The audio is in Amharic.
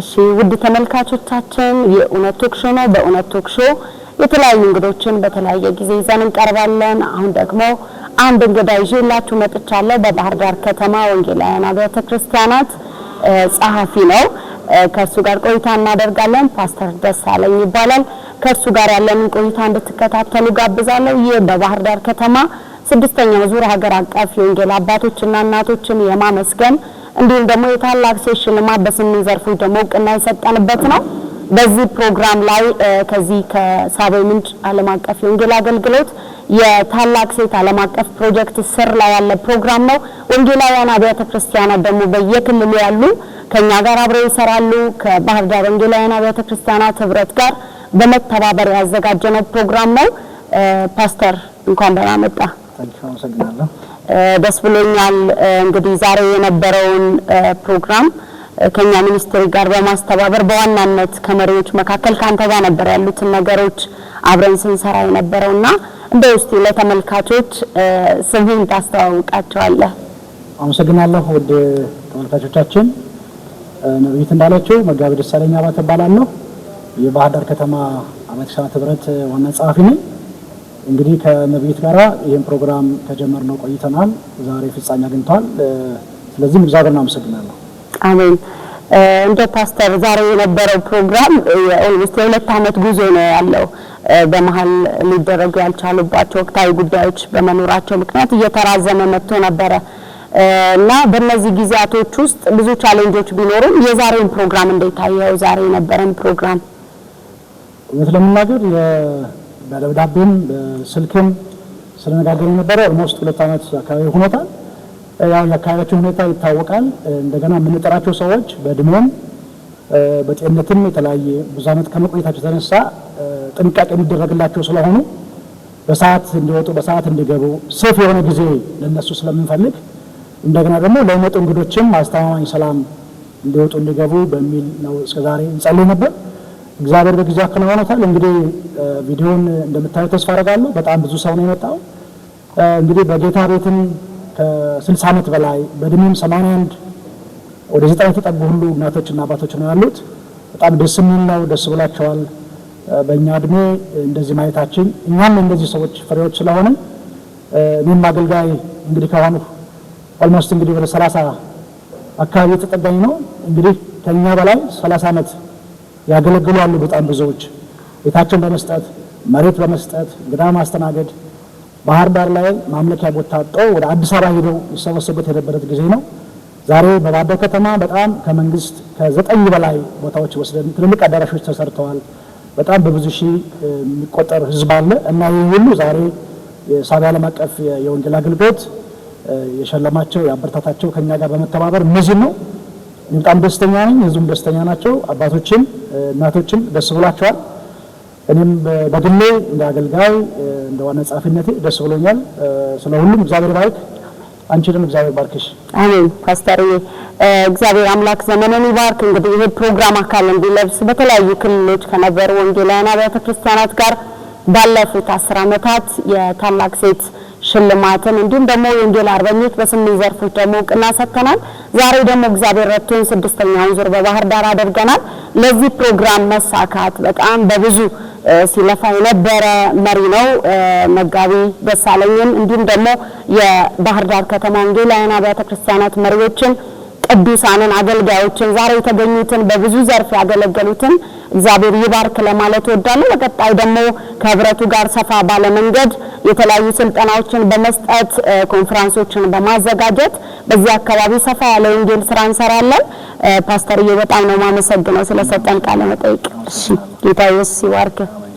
እሺ ውድ ተመልካቾቻችን የእውነት ቶክሾ ነው። በእውነት ቶክሾ የተለያዩ እንግዶችን በተለያየ ጊዜ ይዘን እንቀርባለን። አሁን ደግሞ አንድ እንግዳ ይዤላችሁ መጥቻለሁ። በባህር ዳር ከተማ ወንጌላውያን አብያተ ክርስቲያናት ጸሐፊ ነው። ከእሱ ጋር ቆይታ እናደርጋለን። ፓስተር ደሳለኝ ይባላል። ከእሱ ጋር ያለንን ቆይታ እንድትከታተሉ ጋብዛለሁ። ይህ በባህር ዳር ከተማ ስድስተኛው ዙር ሀገር አቀፍ የወንጌል አባቶችና እናቶችን የማመስገን እንዲሁም ደግሞ የታላቅ ሴት ሽልማት በስምንት ዘርፎች ደግሞ እውቅና የሰጠንበት ነው። በዚህ ፕሮግራም ላይ ከዚህ ከሳባዊ ምንጭ ዓለም አቀፍ የወንጌል አገልግሎት የታላቅ ሴት ዓለም አቀፍ ፕሮጀክት ስር ላይ ያለ ፕሮግራም ነው። ወንጌላውያን አብያተ ክርስቲያናት ደግሞ በየክልሉ ያሉ ከኛ ጋር አብረው ይሰራሉ። ከባህር ዳር ወንጌላውያን አብያተ ክርስቲያናት ህብረት ጋር በመተባበር ያዘጋጀነው ፕሮግራም ነው። ፓስተር እንኳን ደህና መጣ። ደስ ብሎኛል። እንግዲህ ዛሬ የነበረውን ፕሮግራም ከኛ ሚኒስትሪ ጋር በማስተባበር በዋናነት ከመሪዎች መካከል ከአንተ ጋር ነበር ያሉትን ነገሮች አብረን ስንሰራ የነበረውና እንደ ውስጥ ለተመልካቾች ስሙን ታስተዋውቃቸዋለህ። አመሰግናለሁ። ውድ ተመልካቾቻችን ነብይት እንዳለችው መጋቢ ደሳለኝ አባተ እባላለሁ። የባህር ዳር ከተማ አመት ክርስቲያናት ህብረት ዋና ጸሐፊ ነኝ። እንግዲህ ከመቤት ጋራ ይህን ፕሮግራም ነው ቆይተናል። ዛሬ ፍጻሜ አግኝቷል። ስለዚህም እግዚአብሔር እናመሰግናለሁ። አሜን። እንደ ፓስተር ዛሬ የነበረው ፕሮግራም ኦልሞስት የሁለት አመት ጉዞ ነው ያለው። በመሀል ሊደረጉ ያልቻሉባቸው ወቅታዊ ጉዳዮች በመኖራቸው ምክንያት እየተራዘመ መጥቶ ነበረ እና በእነዚህ ጊዜያቶች ውስጥ ብዙ ቻሌንጆች ቢኖሩም የዛሬውን ፕሮግራም እንዴት ታየው? ዛሬ የነበረን ፕሮግራም እውነት ለመናገር በደብዳቤም በስልክም ስለነጋገሩ የነበረ ኦልሞስት ሁለት ዓመት አካባቢ ሆኖታል። ያው የአካባቢያችን ሁኔታ ይታወቃል። እንደገና የምንጠራቸው ሰዎች በእድሜም በጤንነትም የተለያየ ብዙ ዓመት ከመቆየታቸው የተነሳ ጥንቃቄ የሚደረግላቸው ስለሆኑ በሰዓት እንዲወጡ በሰዓት እንዲገቡ ሴፍ የሆነ ጊዜ ለነሱ ስለምንፈልግ እንደገና ደግሞ ለሚመጡ እንግዶችም አስተማማኝ ሰላም እንዲወጡ እንዲገቡ በሚል ነው እስከዛሬ እንጸልይ ነበር። እግዚአብሔር በጊዜው አከናውኖታል። እንግዲህ ቪዲዮን እንደምታዩ ተስፋ አደርጋለሁ። በጣም ብዙ ሰው ነው የመጣው። እንግዲህ በጌታ ቤትም ከ60 ዓመት በላይ በእድሜም 81 ወደ 90 የተጠጉ ሁሉ እናቶችና አባቶች ነው ያሉት። በጣም ደስ የሚል ነው። ደስ ብላቸዋል። በእኛ እድሜ እንደዚህ ማየታችን እኛም እንደዚህ ሰዎች ፍሬዎች ስለሆነ እኔም አገልጋይ እንግዲህ ከሆኑ ኦልሞስት እንግዲህ ወደ 30 አካባቢ የተጠጋኝ ነው እንግዲህ ከኛ በላይ ሰላሳ ዓመት ያገለግሉ በጣም ብዙዎች ቤታቸውን በመስጠት መሬት በመስጠት እንግዳ ማስተናገድ ባህር ዳር ላይ ማምለኪያ ቦታ አጠው ወደ አዲስ አበባ ሄደው ይሰበሰቡበት የነበረት ጊዜ ነው። ዛሬ በባህር ከተማ በጣም ከመንግስት ከዘጠኝ በላይ ቦታዎች ወስደን ትልልቅ አዳራሾች ተሰርተዋል። በጣም በብዙ ሺህ የሚቆጠር ህዝብ አለ እና ይህ ሁሉ ዛሬ የሳቢ ዓለም አቀፍ የወንጌል አገልግሎት የሸለማቸው የአበረታታቸው ከኛ ጋር በመተባበር ምዝን ነው። በጣም ደስተኛ ነኝ። ህዝቡም ደስተኛ ናቸው። አባቶችም እናቶችም ደስ ብሏቸዋል። እኔም በግሌ እንደ አገልጋይ እንደ ዋና ጸሐፊነቴ ደስ ብሎኛል። ስለ ሁሉም እግዚአብሔር ባርክ፣ አንቺንም እግዚአብሔር ባርክሽ። አሜን። ፓስተር እግዚአብሔር አምላክ ዘመኑን ይባርክ። እንግዲህ ይሄ ፕሮግራም አካል እንዲለብስ በተለያዩ ክልሎች ከነበሩ ወንጌላውያን አብያተ ክርስቲያናት ጋር ባለፉት አስር ዓመታት የታላቅ ሴት ሽልማትን እንዲሁም ደግሞ የወንጌል አርበኞች በስምንት ዘርፎች ደግሞ እውቅና ሰጥተናል። ዛሬ ደግሞ እግዚአብሔር ረቶን ስድስተኛውን ዙር በባህር ዳር አድርገናል። ለዚህ ፕሮግራም መሳካት በጣም በብዙ ሲለፋ የነበረ መሪ ነው መጋቢ ደሳለኝን እንዲሁም ደግሞ የባህር ዳር ከተማ ወንጌላውያን አብያተ ክርስቲያናት መሪዎችን ቅዱሳንን አገልጋዮችን ዛሬ የተገኙትን በብዙ ዘርፍ ያገለገሉትን እግዚአብሔር ይባርክ ለማለት እወዳለሁ። በቀጣይ ደግሞ ከህብረቱ ጋር ሰፋ ባለ መንገድ የተለያዩ ስልጠናዎችን በመስጠት ኮንፈረንሶችን በማዘጋጀት በዚህ አካባቢ ሰፋ ያለ ወንጌል ስራ እንሰራለን። ፓስተርዬ በጣም ነው ማመሰግነው ስለሰጠን ቃለ መጠይቅ። ጌታ ኢየሱስ ይባርክ።